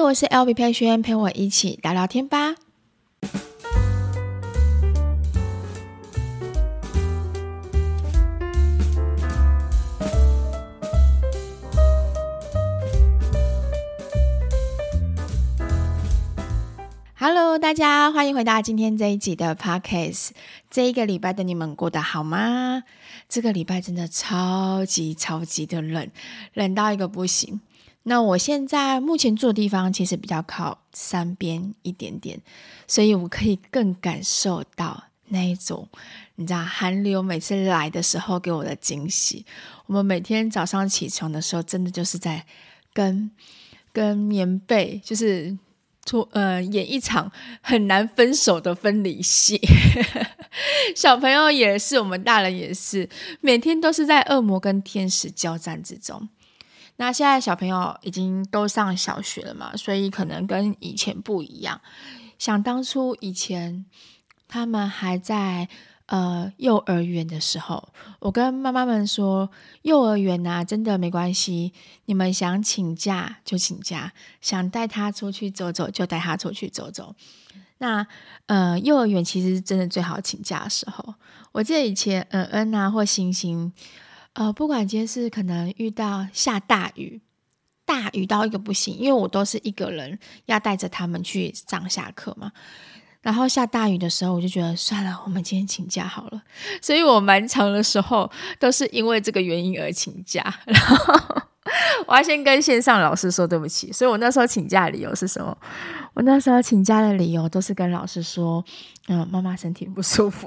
我是 L B 佩萱陪我一起聊聊天吧。Hello，大家歡迎回到今天這一集的 Podcast。這一個禮拜的你們過得好嗎？這個禮拜真的超級超級的冷，冷到一個不行。那我現在目前住的地方其實比較靠山邊一點點，所以我可以更感受到那一種，你知道寒流每次來的時候給我的驚喜。我們每天早上起床的時候，真的就是在跟跟棉被就是出，呃演一場很難分手的分離戲。 小朋友也是，我們大人也是，每天都是在惡魔跟天使交戰之中。那現在小朋友已經都上小學了嘛，所以可能跟以前不一樣。想當初以前他們還在呃幼兒園的時候，我跟媽媽們說，幼兒園吶、啊、真的沒關係，你們想請假就請假，想帶他出去走走就帶他出去走走。那呃幼兒園其實是真的最好請假的時候，我記得以前嗯嗯啊或星星。呃，不管今天是可能遇到下大雨，大雨到一個不行，因為我都是一個人要帶着他們去上下課嘛。然後下大雨的時候，我就覺得算了，我們今天請假好了。所以我蠻長的時候都是因為這個原因而請假。然後我要先跟線上老師說對不起。所以我那時候請假的理由是什麼？我那時候請假的理由都是跟老師說，嗯，媽媽身體不舒服。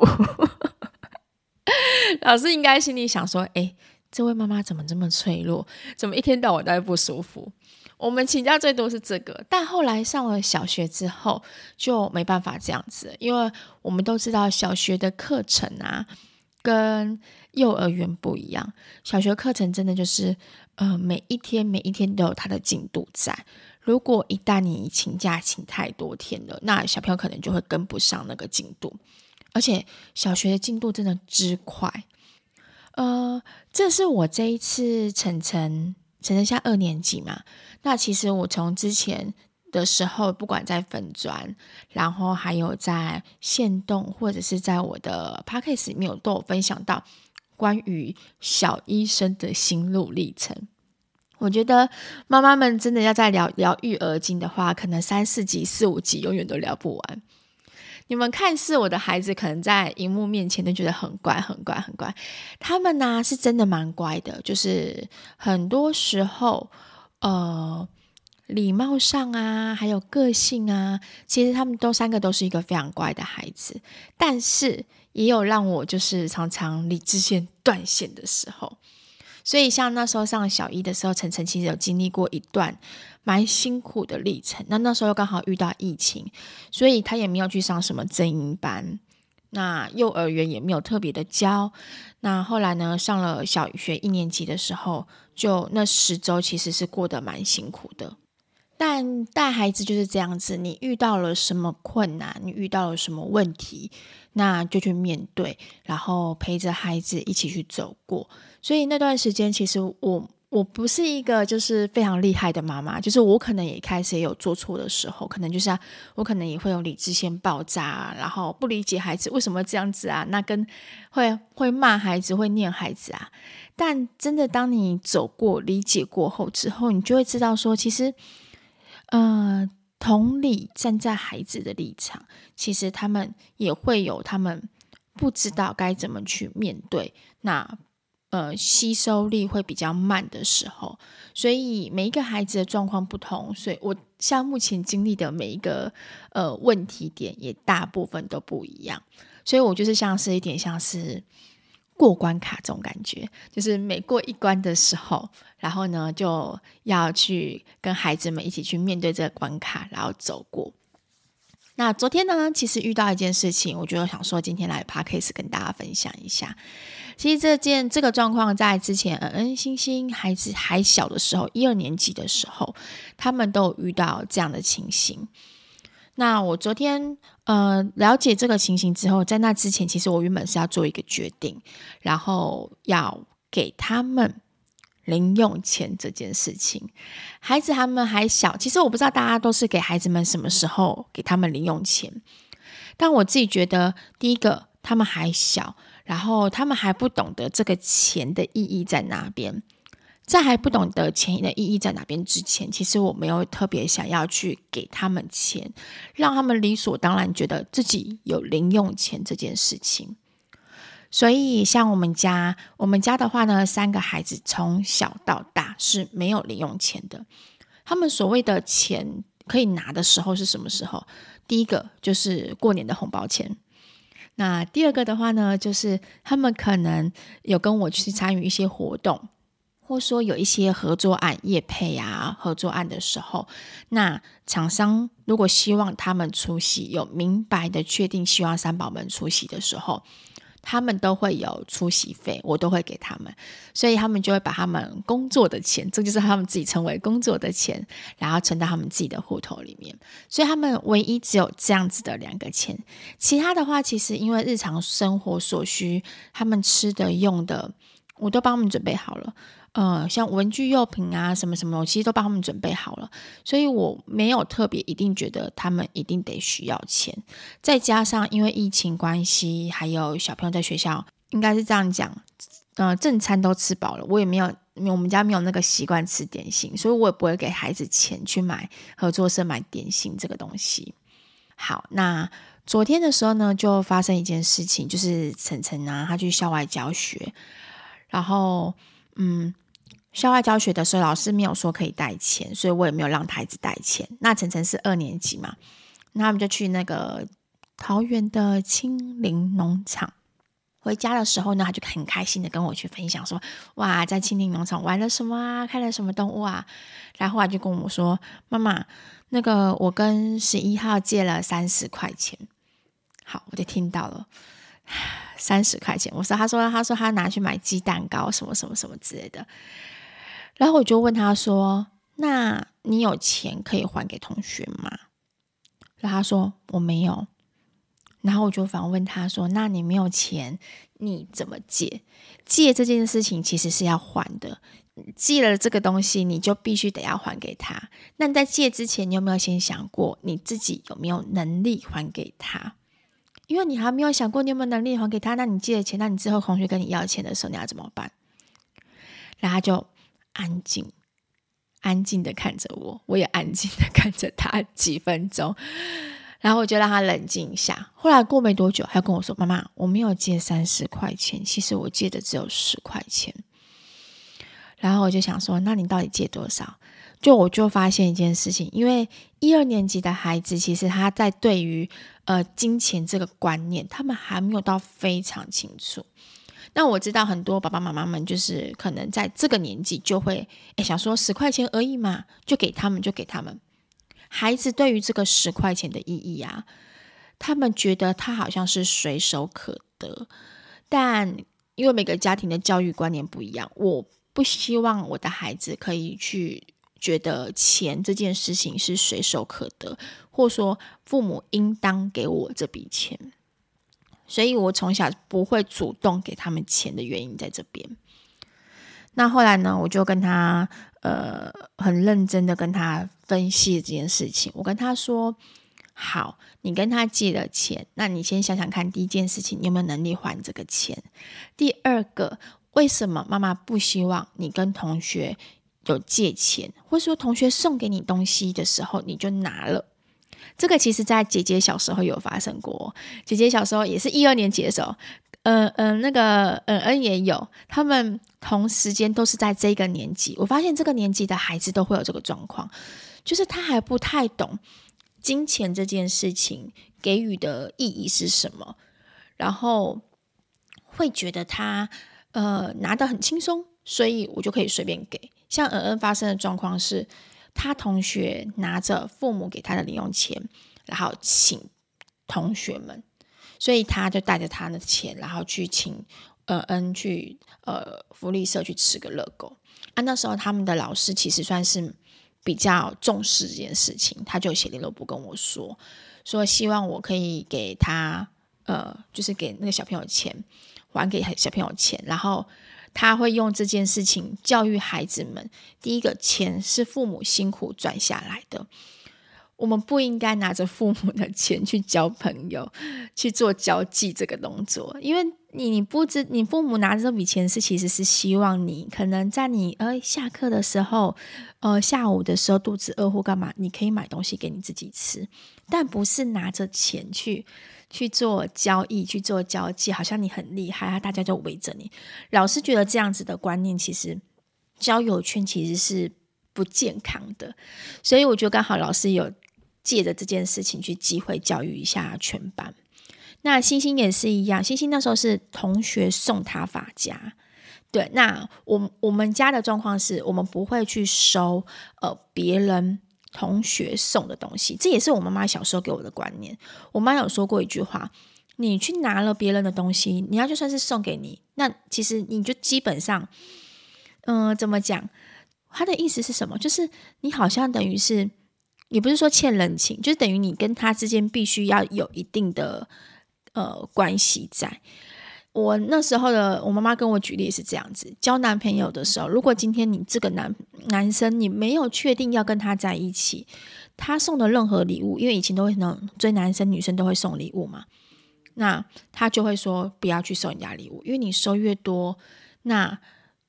老師應該心裡想說：“哎，這位媽媽怎麼這麼脆弱？怎麼一天到晚都會不舒服？我們請假最多是這個，但後來上了小學之後就沒辦法這樣子，因為我們都知道小學的課程啊跟幼兒園不一樣。小學課程真的就是呃每一天每一天都有它的進度在。如果一旦你請假請太多天了，那小朋友可能就會跟不上那個進度。”而且小學的進度真的之快，呃，這是我這一次晨晨晨晨現在二年級嘛？那其實我從之前的時候，不管在粉專，然後還有在限動，或者是在我的 Podcast 裡面有都有分享到關於小一生的心路歷程。我覺得媽媽們真的要再聊聊育兒經的話，可能三四集、四五集永遠都聊不完。你們看似我的孩子，可能在熒幕面前都覺得很乖、很乖、很乖。他們呢、啊、是真的蠻乖的，就是很多時候，呃，禮貌上啊，還有個性啊，其實他們都三個都是一個非常乖的孩子。但是也有讓我就是常常理智線斷線的時候。所以像那時候上小一的時候，晨晨其實有經歷過一段。蠻辛苦的歷程，那那時候又剛好遇到疫情，所以他也沒有去上什麼精英班，那幼兒園也沒有特別的教，那後來呢，上了小學一年級的時候，就那十周其實是過得蠻辛苦的。但帶孩子就是這樣子，你遇到了什麼困難，你遇到了什麼問題，那就去面對，然後陪着孩子一起去走過，所以那段時間其實我。我不是一個就是非常厲害的媽媽，就是我可能也開始也有做錯的時候，可能就是、啊、我可能也會有理智先爆炸、啊，然後不理解孩子為什麼這樣子啊，那跟會會罵孩子，會念孩子啊。但真的，當你走過理解過後之後，你就會知道說，其實，呃，同理站在孩子的立場，其實他們也會有他們不知道該怎麼去面對那。呃，吸收力會比較慢的時候，所以每一個孩子的狀況不同，所以我像目前經歷的每一個呃問題點，也大部分都不一樣。所以我就是像是一點，像是過關卡這種感覺，就是每過一關的時候，然後呢就要去跟孩子們一起去面對這個關卡，然後走過。那昨天呢，其實遇到一件事情，我就想說，今天來 Podcast 跟大家分享一下。其實這件這個狀況，在之前，嗯嗯，晨晨孩子還小的時候，一二年級的時候，他們都有遇到這樣的情形。那我昨天，呃，了解這個情形之後，在那之前，其實我原本是要做一個決定，然後要給他們零用錢這件事情。孩子他們還小，其實我不知道大家都是給孩子們什麼時候給他們零用錢，但我自己覺得，第一個，他們還小。然後他們還不懂得這個錢的意義在哪邊，在還不懂得錢的意義在哪邊之前，其實我沒有特別想要去給他們錢，讓他們理所當然覺得自己有零用錢這件事情。所以像我們家，我們家的話呢，三個孩子從小到大是沒有零用錢的。他們所謂的錢可以拿的時候是什麼時候？第一個就是過年的紅包錢。那第二個的話呢，就是他們可能有跟我去參與一些活動，或說有一些合作案業配啊，合作案的時候，那廠商如果希望他們出席，有明白的確定希望三寶們出席的時候。他們都會有出席費，我都會給他們，所以他們就會把他們工作的錢，這就是他們自己稱為工作的錢，然後存到他們自己的戶頭裡面。所以他們唯一只有這樣子的兩個錢，其他的話其實因為日常生活所需，他們吃的用的，我都幫他們準備好了。呃，像文具用品啊，什麼什麼，我其實都幫他們準備好了，所以我沒有特別一定覺得他們一定得需要錢。再加上因為疫情關係，還有小朋友在學校，應該是這樣講，嗯、呃，正餐都吃飽了，我也沒有，我們家沒有那個習慣吃點心，所以我也不會給孩子錢去買合作社買點心這個東西。好，那昨天的時候呢，就發生一件事情，就是晨晨啊，他去校外教學，然後，嗯。校外教學的時候，老師沒有說可以帶錢，所以我也沒有讓孩子帶錢。那晨晨是二年級嘛，那他們就去那個桃園的青林農場。回家的時候呢，他就很開心的跟我去分享說：“哇，在青林農場玩了什麼啊？看了什麼動物啊？”然後他就跟我說：“媽媽，那個我跟十一號借了三十塊錢。”好，我就聽到了三十塊錢。我說：“他說，他說他拿去買雞蛋糕，什麼什麼什麼之類的。”然後我就問他說：“那你有錢可以還給同學嗎？”然後他說：“我沒有。”然後我就反問他說：“那你沒有錢，你怎麼借？借這件事情其實是要還的，借了這個東西你就必須得要還給他。那你在借之前，你有沒有先想過你自己有沒有能力還給他？因為你還沒有想過你有沒有能力還給他。那你借了錢，那你之後同學跟你要錢的時候，你要怎麼辦？”然後他就。安靜，安靜的看着我，我也安靜的看着他幾分鐘，然後我就讓他冷靜一下。後來過沒多久，他跟我說：“媽媽，我沒有借三十塊錢，其實我借的只有十塊錢。”然後我就想說：“那你到底借多少？”就我就發現一件事情，因為一二年級的孩子，其實他在對於呃金錢這個觀念，他們還沒有到非常清楚。那我知道很多爸爸媽媽們就是可能在這個年紀就會，誒想說十塊錢而已嘛，就給他們就給他們。孩子對於這個十塊錢的意義啊，他們覺得他好像是隨手可得，但因為每個家庭的教育觀念不一樣，我不希望我的孩子可以去覺得錢這件事情是隨手可得，或說父母應當給我這筆錢。所以我從小不會主動給他們錢的原因在這邊。那後來呢，我就跟他，呃，很認真的跟他分析這件事情。我跟他說：“好，你跟他借了錢，那你先想想看，第一件事情你有沒有能力還這個錢？第二個，為什麼媽媽不希望你跟同學有借錢，或者說同學送給你東西的時候你就拿了？”這個其實，在姐姐小時候有發生過。姐姐小時候也是一二年級的時候，嗯、呃、嗯、呃，那個晨晨也有，他們同時間都是在這個年紀。我發現這個年紀的孩子都會有這個狀況，就是他還不太懂金錢這件事情給予的意義是什麼，然後會覺得他呃拿得很輕鬆，所以我就可以隨便給。像晨晨發生的狀況是。他同學拿着父母給他的零用錢，然後請同學們，所以他就帶着他的錢，然後去請呃嗯去呃福利社去吃個熱狗。啊，那時候他們的老師其實算是比較重視這件事情，他就寫聯絡簿跟我說，說希望我可以給他呃，就是給那個小朋友錢，還給小朋友錢，然後。他會用這件事情教育孩子們：第一個，錢是父母辛苦賺下來的，我們不應該拿着父母的錢去交朋友，去做交際這個動作。因為你，你不知你父母拿着這筆錢是其實是希望你，可能在你呃下課的時候，呃下午的時候肚子餓或幹嘛，你可以買東西給你自己吃，但不是拿着錢去。去做交易，去做交際，好像你很厲害啊！大家就圍着你，老師覺得這樣子的觀念其實交友圈，其實是不健康的，所以我覺得剛好老師有借着這件事情去機會教育一下全班。那星星也是一樣，星星那時候是同學送他髮夾，對，那我我們家的狀況是我們不會去收呃別人同學送的東西，這也是我媽媽小時候給我的觀念。我媽有說過一句話：“你去拿了別人的東西，你要就算是送給你，那其實你就基本上，嗯、呃，怎麼講？他的意思是什麼？就是你好像等於是，也不是說欠人情，就是等於你跟他之間必須要有一定的呃關係在。”我那時候的我媽媽跟我舉例是這樣子：交男朋友的時候，如果今天你這個男男生你沒有確定要跟他在一起，他送的任何禮物，因為以前都會那種追男生女生都會送禮物嘛，那他就會說不要去收人家禮物，因為你收越多，那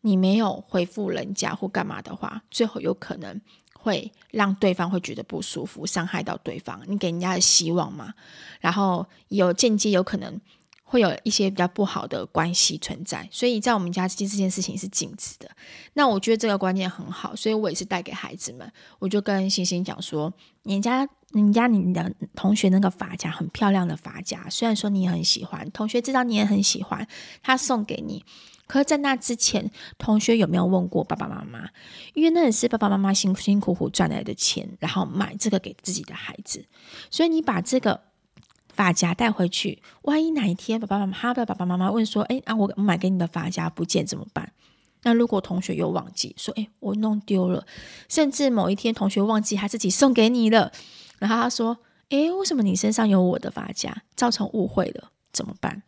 你沒有回覆人家或幹嘛的話，最後有可能會讓對方會覺得不舒服，傷害到對方，你給人家的希望嘛，然後有間接有可能。會有一些比較不好的關係存在，所以在我們家，這這件事情是禁止的。那我覺得這個觀念很好，所以我也是帶給孩子們。我就跟晨晨講說：“人家、人家你的同學那個髮夾很漂亮的髮夾，雖然說你也很喜歡，同學知道你也很喜歡，他送給你。可是，在那之前，同學有沒有問過爸爸媽媽？因為那也是爸爸媽媽辛辛苦苦賺來的錢，然後買這個給自己的孩子。所以，你把這個。”髮夾帶回去，萬一哪一天爸爸媽媽、他的爸爸媽媽問說：“哎，啊，我買給你的髮夾不見怎麼辦？”那如果同學又忘記說：“哎，我弄丟了。”甚至某一天同學忘記他自己送給你了，然後他說：“哎，為什麼你身上有我的髮夾？”造成誤會了怎麼辦？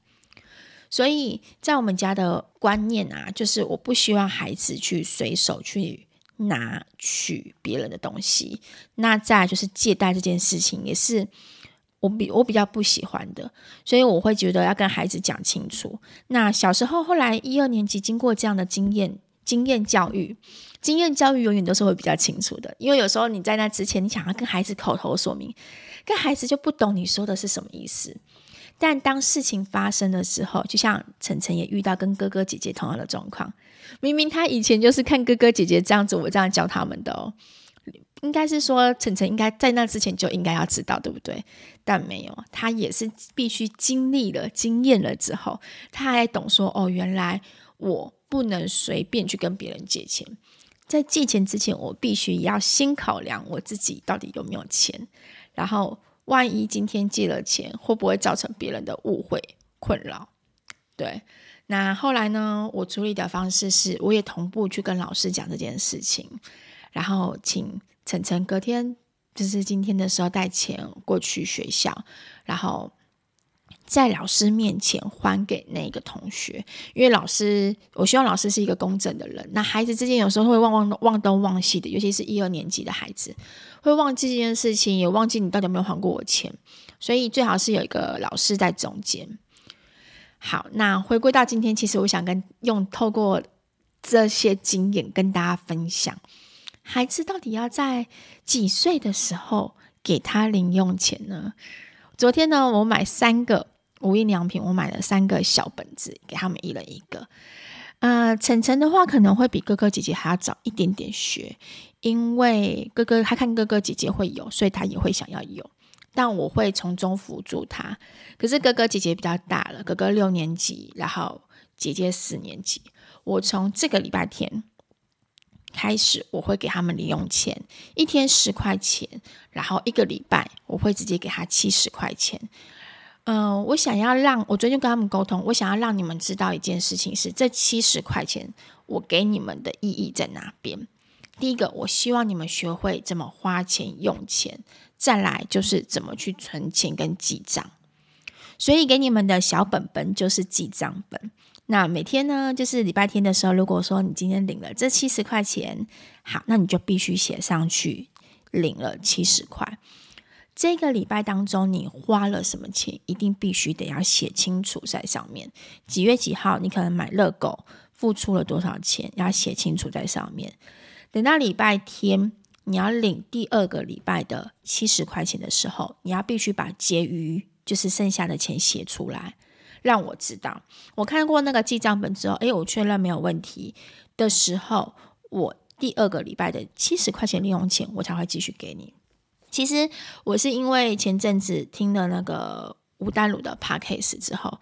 所以在我們家的觀念啊，就是我不希望孩子去隨手去拿取別人的東西。那再就是借貸這件事情，也是。我比我比較不喜歡的，所以我會覺得要跟孩子講清楚。那小時候後來一二年級經過這樣的經驗、經驗教育，經驗教育永遠都是會比較清楚的，因為有時候你在那之前，你想要跟孩子口頭說明，跟孩子就不懂你說的是什麼意思。但當事情發生的時候，就像晨晨也遇到跟哥哥姐姐同樣的狀況，明明他以前就是看哥哥姐姐這樣子，我這樣教他們的哦，應該是說晨晨應該在那之前就應該要知道，對不對？但沒有，他也是必須經歷了、經驗了之後，他還懂說哦，原來我不能隨便去跟別人借錢，在借錢之前，我必須也要先考量我自己到底有沒有錢，然後萬一今天借了錢，會不會造成別人的誤會困擾？對，那後來呢？我處理的方式是，我也同步去跟老師講這件事情，然後請晨晨隔天。就是今天的時候帶錢過去學校，然後在老師面前還給那個同學，因為老師，我希望老師是一個公正的人。那孩子之間有時候會忘忘忘東忘西的，尤其是一二年級的孩子會忘記這件事情，也忘記你到底有沒有還過我錢，所以最好是有一個老師在中間。好，那回歸到今天，其實我想跟，用，透過這些經驗跟大家分享。孩子到底要在幾歲的時候給他零用錢呢？昨天呢，我買三個無印良品，我買了三個小本子，給他們一人一個。呃，晨晨的話可能會比哥哥姐姐還要早一點點學，因為哥哥他看哥哥姐姐會有，所以他也會想要有。但我會從中輔助他。可是哥哥姐姐比較大了，哥哥六年級，然後姐姐四年級。我從這個禮拜天。開始我會給他們零用錢，一天十塊錢，然後一個禮拜我會直接給他七十塊錢。嗯、呃，我想要讓我最近跟他們溝通，我想要讓你們知道一件事情是這七十塊錢我給你們的意義在哪邊。第一個，我希望你們學會怎麼花錢用錢，再來就是怎麼去存錢跟記賬。所以給你們的小本本就是記賬本。那每天呢，就是禮拜天的時候，如果說你今天領了這七十塊錢，好，那你就必須寫上去，領了七十塊。這個禮拜當中，你花了什麼錢，一定必須得要寫清楚在上面。幾月幾號，你可能買熱狗，付出了多少錢，要寫清楚在上面。等到禮拜天，你要領第二個禮拜的七十塊錢的時候，你要必須把結餘，就是剩下的錢寫出來。讓我知道，我看過那個記賬本之後，哎，我確認沒有問題的時候，我第二個禮拜的七十塊錢零用錢，我才會繼續給你。其實我是因為前陣子聽了那個吳丹魯的帕 o c a s 之後，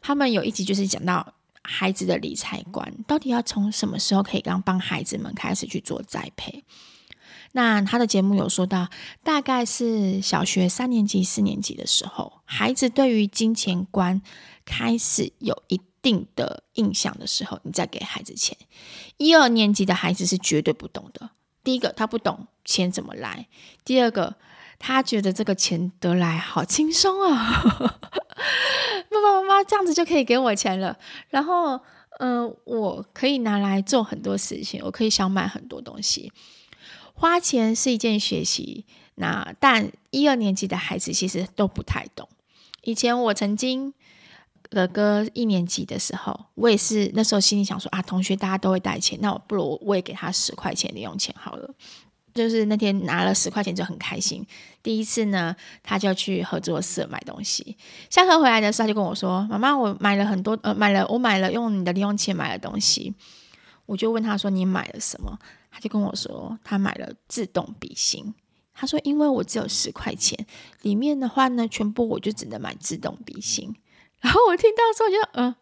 他們有一集就是講到孩子的理財觀，到底要從什麼時候可以剛幫孩子們開始去做栽培。那他的節目有說到，大概是小學三年級、四年級的時候，孩子對於金錢觀開始有一定的印象的時候，你再給孩子錢。一二年級的孩子是絕對不懂的。第一個，他不懂錢怎麼來；第二個，他覺得這個錢得來好輕鬆啊、哦！ 爸爸媽媽媽媽，這樣子就可以給我錢了。然後，嗯、呃，我可以拿來做很多事情，我可以想買很多東西。花錢是一件學習，那但一二年級的孩子其實都不太懂。以前我曾經的哥一年級的時候，我也是那時候心裡想說啊，同學大家都會帶錢，那我不如我也給他十塊錢零用錢好了。就是那天拿了十塊錢就很開心。第一次呢，他就去合作社買東西，下課回來的時候他就跟我說：“媽媽，我買了很多，呃，買了我買了用你的零用錢買的東西。”我就問他說：“你買了什麼？”他就跟我說，他買了自動筆芯。他說，因為我只有十塊錢，裡面的話呢，全部我就只能買自動筆芯。然後我聽到的時候就，就嗯，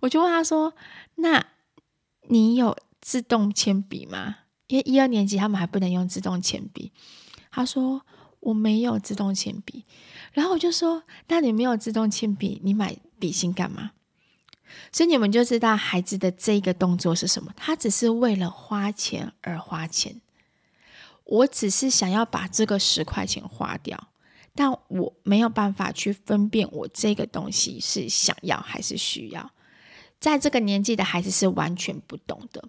我就問他說：“那你有自動鉛筆嗎？”因為一二年級他們還不能用自動鉛筆。他說：“我沒有自動鉛筆。”然後我就說：“那你沒有自動鉛筆，你買筆芯幹嘛？”所以你們就知道孩子的這個動作是什麼？他只是為了花錢而花錢。我只是想要把這個十塊錢花掉，但我沒有辦法去分辨我這個東西是想要還是需要。在這個年紀的孩子是完全不懂的，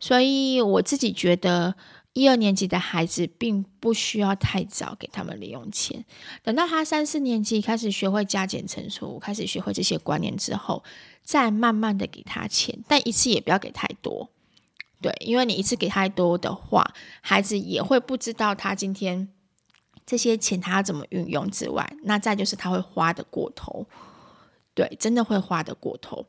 所以我自己覺得。一二年級的孩子並不需要太早給他們零用錢，等到他三四年級開始學會加減乘除，開始學會這些觀念之後，再慢慢的給他錢，但一次也不要給太多。對，因為你一次給太多的話，孩子也會不知道他今天這些錢他要怎麼運用之外，那再就是他會花得過頭，對，真的會花得過頭。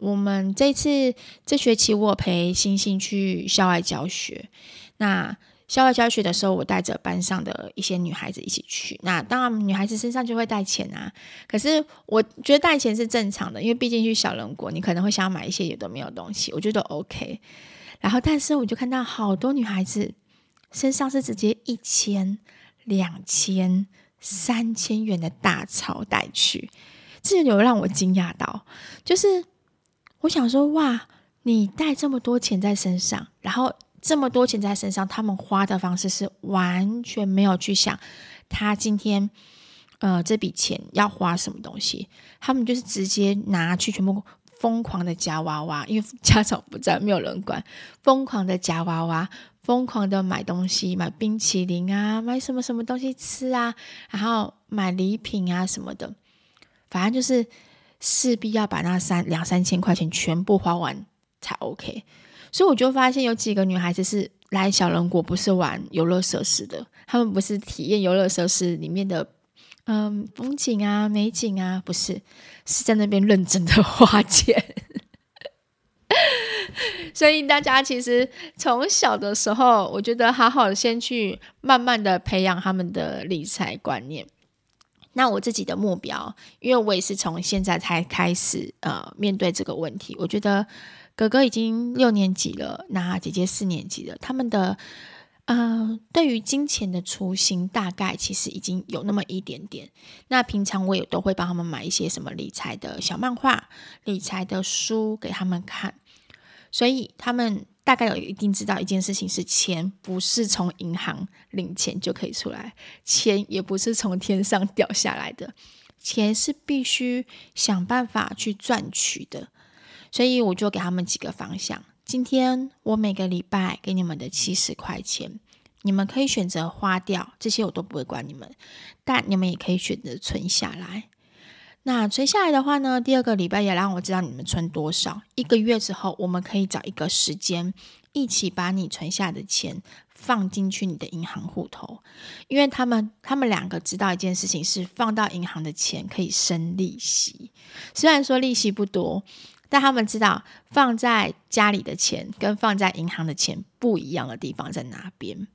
我們這次這學期，我有陪晨晨去校外教學。那校外教學的時候，我帶着班上的一些女孩子一起去。那當然，女孩子身上就會帶錢啊。可是我覺得帶錢是正常的，因為畢竟去小人國，你可能會想要買一些也都沒有東西，我覺得 OK。然後，但是我就看到好多女孩子身上是直接一千、兩千、三千元的大鈔帶去，這有讓我驚訝到，就是。我想說，哇！你帶這麼多錢在身上，然後這麼多錢在身上，他們花的方式是完全沒有去想，他今天，呃，這筆錢要花什麼東西？他們就是直接拿去全部瘋狂的夾娃娃，因為家長不在，沒有人管，瘋狂的夾娃娃，瘋狂的買東西，買冰淇淋啊，買什麼什麼東西吃啊，然後買禮品啊什麼的，反正就是。勢必要把那三兩三千塊錢全部花完才 OK，所以我就發現有幾個女孩子是來小人國不是玩遊樂設施的，她們不是體驗遊樂設施裡面的嗯風景啊美景啊，不是，是在那邊認真的花錢。 所以大家其實從小的時候，我覺得好好先去慢慢的培養他們的理財觀念。那我自己的目標，因為我也是從現在才開始，呃，面對這個問題。我覺得哥哥已經六年級了，那姐姐四年級了，他們的，呃，對於金錢的雛形，大概其實已經有那麼一點點。那平常我也都會幫他們買一些什麼理財的小漫畫、理財的書給他們看，所以他們。大概有一定知道一件事情是錢不是從銀行領錢就可以出來，錢也不是從天上掉下來的，錢是必須想辦法去賺取的。所以我就給他們幾個方向。今天我每個禮拜給你們的七十塊錢，你們可以選擇花掉，這些我都不會管你們，但你們也可以選擇存下來。那存下來的話呢，第二個禮拜也讓我知道你們存多少。一個月之後，我們可以找一個時間一起把你存下的錢放進去你的銀行戶頭。因為他們他們兩個知道一件事情是放到銀行的錢可以生利息，雖然說利息不多，但他們知道放在家裡的錢跟放在銀行的錢不一樣的地方在哪邊。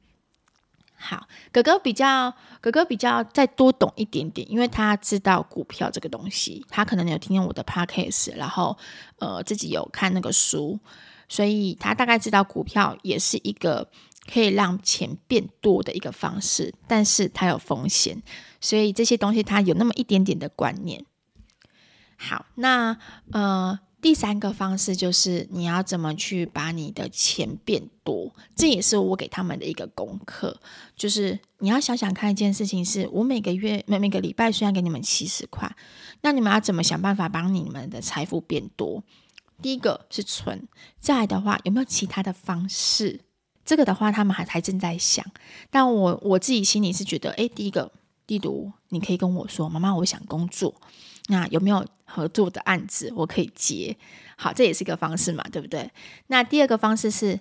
好，哥哥比較，哥哥比較再多懂一點點，因為他知道股票這個東西，他可能有聽聽我的 podcast，然後，呃，自己有看那個書，所以他大概知道股票也是一個可以讓錢變多的一個方式，但是它有風險，所以這些東西他有那麼一點點的觀念。好，那呃。第三個方式就是你要怎麼去把你的錢變多，這也是我給他們的一個功課，就是你要想想看一件事情，是我每個月每每個禮拜雖然給你們七十塊，那你們要怎麼想辦法把你們的財富變多？第一個是存，再的話有沒有其他的方式？這個的話他們還還正在想，但我我自己心裡是覺得，誒，第一個，例如你可以跟我說，媽媽，我想工作。那有沒有合作的案子我可以接？好，這也是一個方式嘛，對不對？那第二個方式是，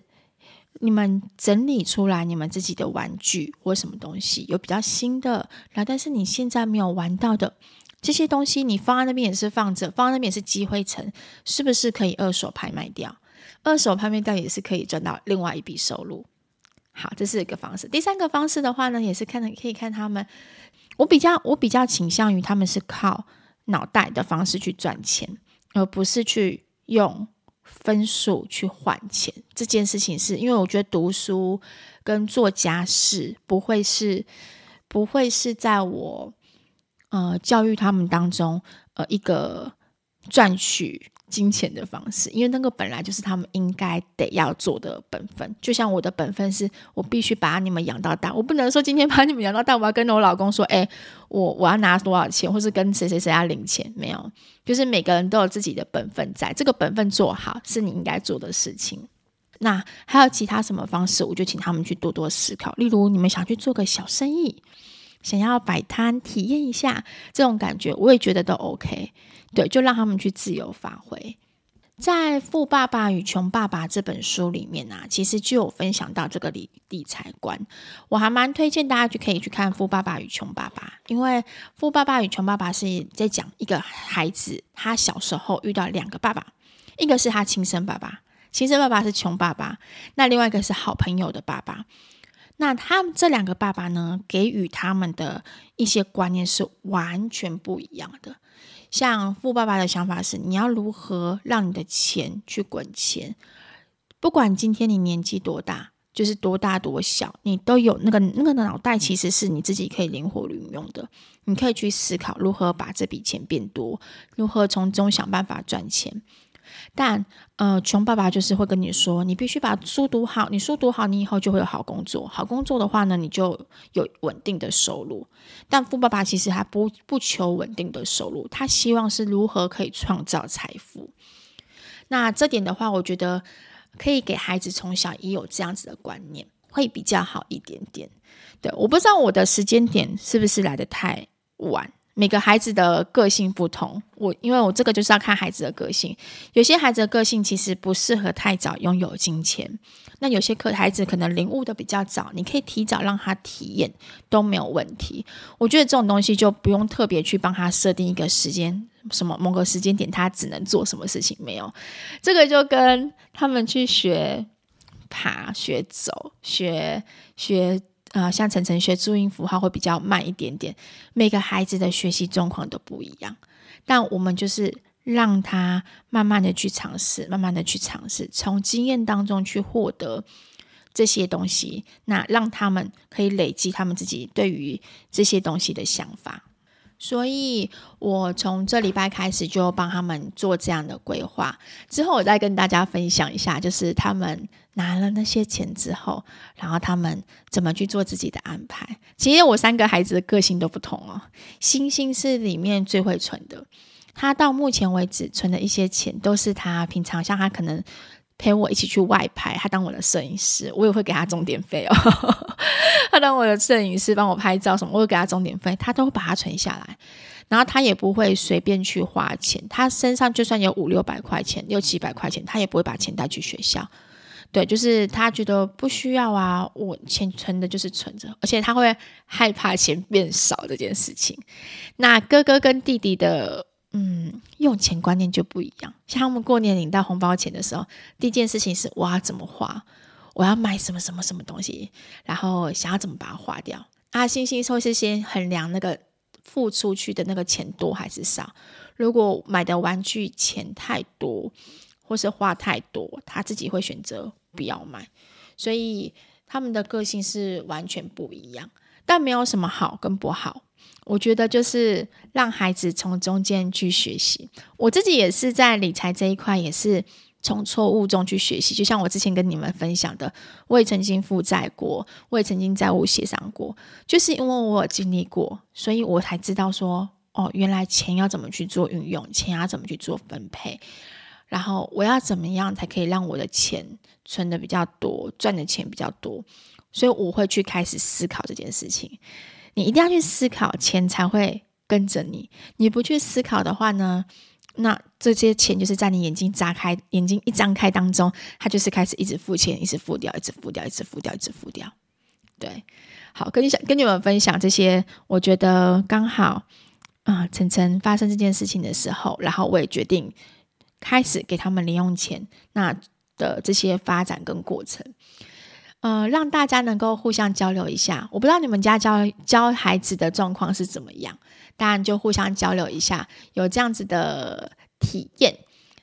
你們整理出來你們自己的玩具或什麼東西，有比較新的，然後但是你現在沒有玩到的這些東西，你放在那邊也是放着，放在那邊也是積灰塵，是不是可以二手拍賣掉？二手拍賣掉也是可以賺到另外一筆收入。好，這是一個方式。第三個方式的話呢，也是看，可以看他們，我比較我比較傾向於他們是靠。腦袋的方式去賺錢，而不是去用分數去換錢。這件事情是因為我覺得讀書跟做家事不會是不會是在我呃教育他們當中呃一個賺取。金錢的方式，因為那個本來就是他們應該得要做的本分，就像我的本分是我必須把你們養到大，我不能說今天把你們養到大，我要跟我老公說，哎、欸，我我要拿多少錢，或是跟誰誰誰要領錢，沒有，就是每個人都有自己的本分在，在這個本分做好是你應該做的事情。那還有其他什麼方式，我就請他們去多多思考。例如，你們想去做個小生意。想要擺攤體驗一下這種感覺，我也覺得都 OK。對，就讓他們去自由發揮。在《富爸爸與窮爸爸》這本書裡面啊，其實就有分享到這個理理財觀，我還蠻推薦大家去可以去看《富爸爸與窮爸爸》，因為《富爸爸與窮爸爸》是在講一個孩子，他小時候遇到兩個爸爸，一個是他親生爸爸，親生爸爸是窮爸爸，那另外一個是好朋友的爸爸。那他們這兩個爸爸呢，給予他們的一些觀念是完全不一樣的。像富爸爸的想法是，你要如何讓你的錢去滾錢？不管今天你年紀多大，就是多大多小，你都有那個那個腦袋，其實是你自己可以靈活運用的。你可以去思考如何把這筆錢變多，如何從中想辦法賺錢。但，呃，窮爸爸就是會跟你說，你必須把書讀好，你書讀好，你以後就會有好工作，好工作的話呢，你就有穩定的收入。但富爸爸其實他不不求穩定的收入，他希望是如何可以創造財富。那這點的話，我覺得可以給孩子從小也有這樣子的觀念，會比較好一點點。對，我不知道我的時間點是不是來得太晚。每個孩子的個性不同，我因為我這個就是要看孩子的個性。有些孩子的個性其實不適合太早擁有金錢，那有些孩子可能領悟得比較早，你可以提早讓他體驗都沒有問題。我覺得這種東西就不用特別去幫他設定一個時間，什麼某個時間點他只能做什麼事情沒有。這個就跟他們去學爬、學走、學學。呃，像晨晨學注音符號會比較慢一點點，每個孩子的學習狀況都不一樣。但我們就是讓他慢慢的去嘗試，慢慢的去嘗試，從經驗當中去獲得這些東西，那讓他們可以累積他們自己對於這些東西的想法。所以，我從這禮拜開始就幫他們做這樣的規劃。之後，我再跟大家分享一下，就是他們拿了那些錢之後，然後他們怎麼去做自己的安排。其實，我三個孩子的個性都不同哦。星星是裡面最會存的，他到目前為止存的一些錢，都是他平常像他可能，陪我一起去外拍，他當我的攝影師，我也會給他鐘點費哦。 他當我的攝影師，幫我拍照什麼，我也給他鐘點費，他都會把他存下來。然後他也不會隨便去花錢，他身上就算有五六百塊錢、六七百塊錢，他也不會把錢帶去學校。對，就是他覺得不需要啊，我錢存的就是存着，而且他會害怕錢變少這件事情。那哥哥跟弟弟的。嗯，用錢觀念就不一樣。像我們過年領到紅包錢的時候，第一件事情是我要怎麼花？我要買什麼什麼什麼東西，然後想要怎麼把它花掉。啊，晨晨說是先衡量那個付出去的那個錢多還是少。如果買的玩具錢太多，或是花太多，他自己會選擇不要買。所以他們的個性是完全不一樣，但沒有什麼好跟不好。我覺得就是讓孩子從中間去學習。我自己也是在理財這一塊，也是從錯誤中去學習。就像我之前跟你們分享的，我也曾經負債過，我也曾經債務協商過。就是因為我有經歷過，所以我才知道說，哦，原來錢要怎麼去做運用，錢要怎麼去做分配，然後我要怎麼樣才可以讓我的錢存的比較多，賺的錢比較多，所以我會去開始思考這件事情。你一定要去思考，錢才會跟着你。你不去思考的話呢，那這些錢就是在你眼睛眨開、眼睛一張開當中，它就是開始一直付錢，一直付掉，一直付掉，一直付掉，一直付掉。對，好，跟你想跟你們分享這些，我覺得剛好啊，呃，晨晨發生這件事情的時候，然後我也決定開始給他們零用錢，那的這些發展跟過程。呃、嗯，讓大家能夠互相交流一下。我不知道你們家教教孩子的狀況是怎麼樣，當然就互相交流一下，有這樣子的體驗。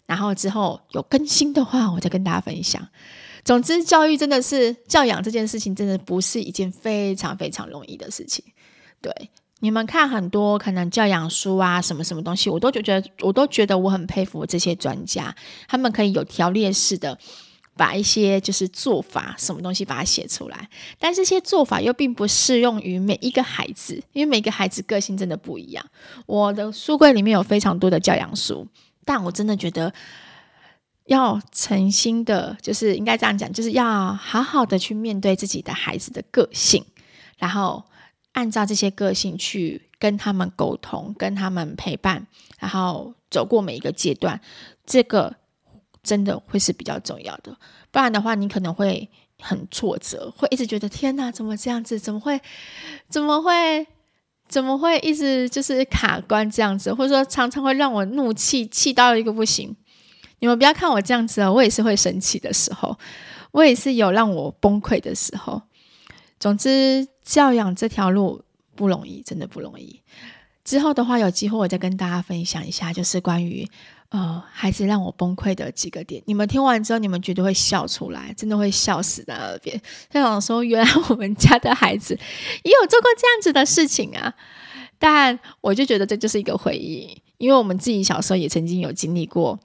然後之後有更新的話，我再跟大家分享。總之，教育真的是教養這件事情，真的不是一件非常非常容易的事情。對，你們看，很多可能教養書啊，什麼什麼東西，我都覺得，我都覺得我很佩服這些專家，他們可以有條列式的。把一些就是做法，什麼東西把它寫出來，但這些做法又並不適用於每一個孩子，因為每一個孩子個性真的不一樣。我的書櫃裡面有非常多的教養書，但我真的覺得要誠心的，就是應該這樣講，就是要好好的去面對自己的孩子的個性，然後按照這些個性去跟他們溝通，跟他們陪伴，然後走過每一個階段，這個。真的會是比較重要的，不然的話，你可能會很挫折，會一直覺得天哪，怎麼這樣子？怎麼會？怎麼會？怎麼會一直就是卡關這樣子？或者說常常會讓我怒氣氣到一個不行。你們不要看我這樣子哦，我也是會生氣的時候，我也是有讓我崩潰的時候。總之，教養這條路不容易，真的不容易。之後的話，有機會我再跟大家分享一下，就是關於呃孩子讓我崩潰的幾個點。你們聽完之後，你們絕對會笑出來，真的會笑死在耳邊。就想說，原來我們家的孩子也有做過這樣子的事情啊！但我就覺得這就是一個回憶，因為我們自己小時候也曾經有經歷過，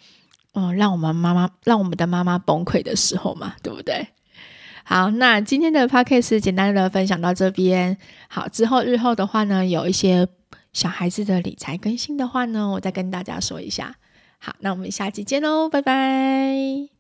嗯、呃，讓我們媽媽讓我們的媽媽崩潰的時候嘛，對不對？好，那今天的 podcast 簡單的分享到這邊。好，之後日後的話呢，有一些。小孩子的理財更新的話呢，我再跟大家說一下。好，那我們下期見嘍，拜拜。